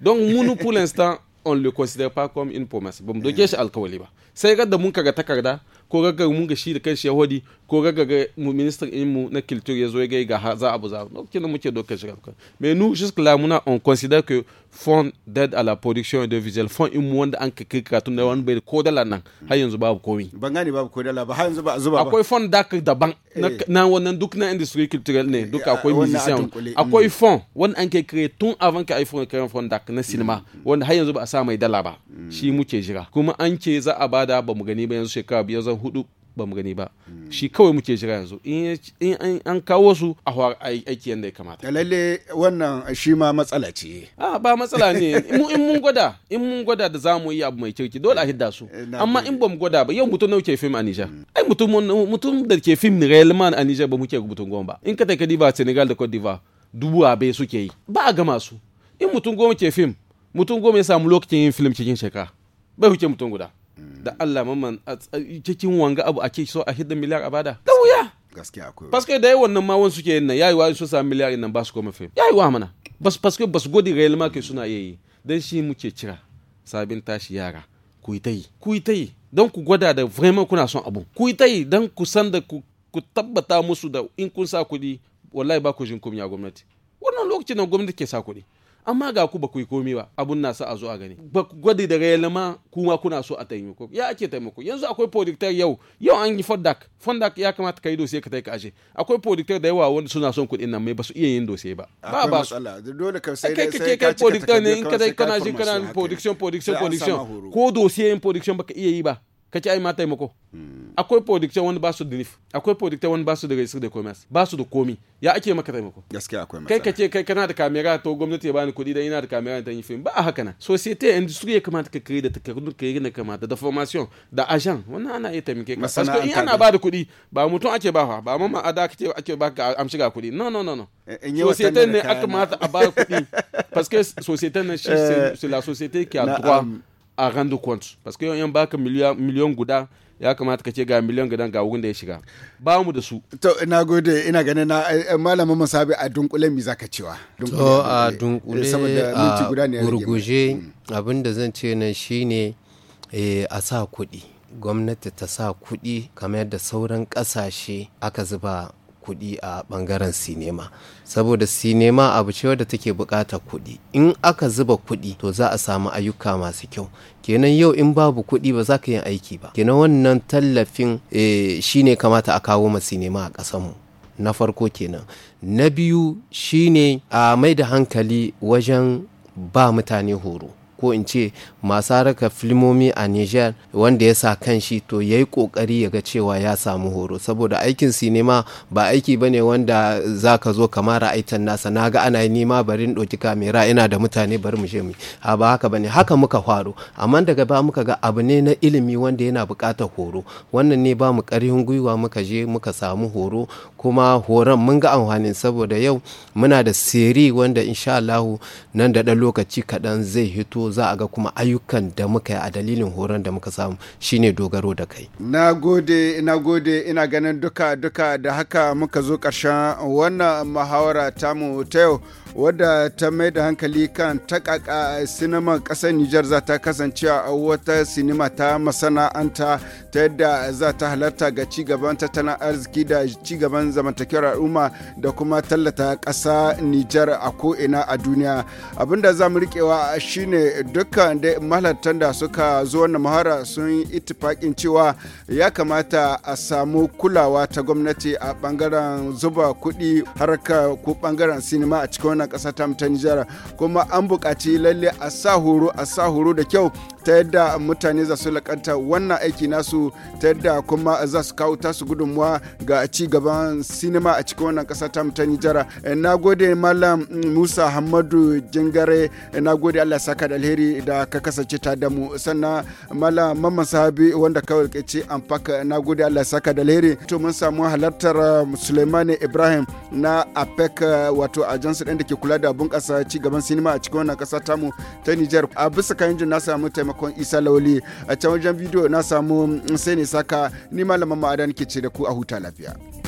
don mu pour l'instant on le considère pas comme une promesse bon mu doke shi alkawari ba sai ga da mun kaga takarda ko gaga mun ga shi da kanshi yahudi ko gaga ga in mu na culture ya zo ya gai ga za abu za lokacin kina muke dokar shiga kan me nu jusque la muna on consider que fond d'aide à la production de visuel fond in mu wanda an ka kirka tun da wani bai ko dala nan har yanzu babu komai ban gane babu ko dala ba har yanzu ba zuba ba akwai fond da daban eh. na wannan duk na industrie culturelle ne duk eh, akwai musician mm. akwai fond wanda an ka kire tun avant ka iphone kiran fond da na cinema mm. wanda har yanzu ba a sa mai dala ba mm. shi muke jira kuma an ce za a ba bada ba mu gani ba yanzu shekara biyar zan hudu ba mu gani ba shi kawai muke jira yanzu in an kawo su a aiki yadda ya kamata lalle wannan shi ma matsala ce a ba matsala ne in mun gwada in mun gwada da za mu yi abu mai kirki dole a hidda su eh, amma in ba mu gwada ba yau mutum nawa ke fim a Nijar hmm. ai mutum mutum da ke fim Real a Nijar ba muke mutum goma ba in ka take ba Senegal da Cote d'Ivoire dubu abe suke yi ba a gama su in mutum goma ke fim mutum goma ya samu lokacin yin film cikin shekara bai huce mutum guda da Allah mamman cikin wanga abu ake so a hidda miliyar a bada da wuya gaskiya akwai paske da yawan nan ma wani suke yin nan yayi wa su samu miliyar nan ba su koma fim yayi wa mana bas paske bas godi real ma kai suna yayi dan shi muke cira sabin tashi yara ku yi ta ku yi tayi don ku gwada da vraiment kuna son abu ku yi tayi don ku san da ku tabbata musu da in kun sa kuɗi wallahi ba ku jin kunya gwamnati wannan lokacin da gwamnati ke sa kuɗi amma ga ku ba ku yi komi ba abun na sa a zo a gani ba ku gwada da rayalama kuma kuna so a taimako ya ake taimako yanzu akwai producteur yau yau an yi fondak fondak ya kamata ka yi dosiye ka tai ka ashe akwai producteur da yawa wanda suna son kuɗin nan mai ba su iya yin dosiye ba ba ba su dole ka sai kai kai kai producteur ne in ka dai kana jin kana production production production ko dosiye in production baka iya yi ba ka ci ai ma taimako akwai production wani basu da nif akwai production wani basu da register de commerce basu da komi ya ake maka taimako gaskiya akwai kai ce kai kana da kamera to gwamnati ya bani kuɗi dan ina da kamera dan yi film ba a haka na société industrie kamata ka kai da takardun ka na kamata da formation da agent wannan ana iya taimake ka parce in ana ba da kuɗi ba mutum ake ba ba mamma ada kace ake ba ka amshi ga kuɗi no no no no société ne aka mata a ba kuɗi parce que société ne eh, c'est la société qui a droit um, a compte parce que yan baka million guda ya kamata ka ce ga miliyan guda ga wurin da ya shiga ba mu da su to ina gode ina ganin na eh, eh, malamin musabi a dunkule mi zaka cewa to a dunkule eh, a gurguje mm. abin da zan ce ne shine a sa kuɗi gwamnati ta sa kuɗi kamar yadda sauran ƙasashe aka zuba kuɗi a ɓangaren sinema saboda sinema abu ce wadda take buƙata kuɗi in aka zuba kuɗi to za a samu ayyuka masu kyau kenan yau in babu kuɗi ba za ka yi aiki ba kenan wannan tallafin eh, shine kamata a kawo ma sinema a ƙasanmu na farko kenan na biyu shine a mai da hankali wajen ba mutane horo ko in ce masu haraka filmomi a niger wanda ya sa kan shi to ya yi kokari ya ga cewa ya samu horo saboda aikin sinima ba aiki bane wanda za ka zo kama ra'aitan nasa na ga ana nima bari ɗauki kamera ina da mutane bari mu je mu ha ba haka bane haka muka faro amma daga ba muka ga abu ne na ilimi wanda yana buƙatar horo wannan ne ba mu ƙarfin gwiwa muka je muka samu horo kuma horon mun ga amfanin saboda yau muna da siri wanda insha Allah nan da ɗan lokaci kaɗan zai hito za a ga kuma ayyuka ayyukan da muka yi a dalilin horon da muka samu shine dogaro da kai na gode na gode ina ganin duka duka da haka muka zo karshen wannan muhawara tamu ta yau wadda ta mai da hankali kan takaka sinima kasar Nijar za ta kasance a wata sinima ta masana'anta ta yadda za ta halarta ga cigaban tattalin arziki da cigaban zamantakewar al'umma da kuma tallata ƙasa Nijar a ko'ina a duniya. Abinda za mu riƙewa shine dukkan da mahalartan da suka zo wannan mahara sun yi itifaƙin cewa ya kamata a samu kulawa ta gwamnati a ɓangaren zuba kuɗi harka ko ɓangaren sinima a cikin wannan ƙasa ta jara kuma an buƙaci lalle a sa horo a sa horo da kyau ta yadda mutane za su lakanta wannan aiki nasu ta yadda kuma za su kawo tasu gudunmuwa ga ci gaban sinima a cikin wannan kasa ta mutan Nijar. Eh, na gode Malam Musa Hamadu Jingare, eh, na gode Allah saka da alheri da ka kasance ta da mu. Sannan Malam Mamman Sahabi wanda kawai ka ce an faka na gode Allah saka da alheri. To mun samu halartar um, sulaimani Ibrahim na APEC wato jansu ɗin da ke kula da bunƙasa ci gaban sinima a cikin wannan kasa mu ta Nijar. A bisa kan jin na samu taimako taimakon isa lauli a can wajen bidiyo na samu sai ne saka ni malamin ma'adan ke ce da ku a huta lafiya.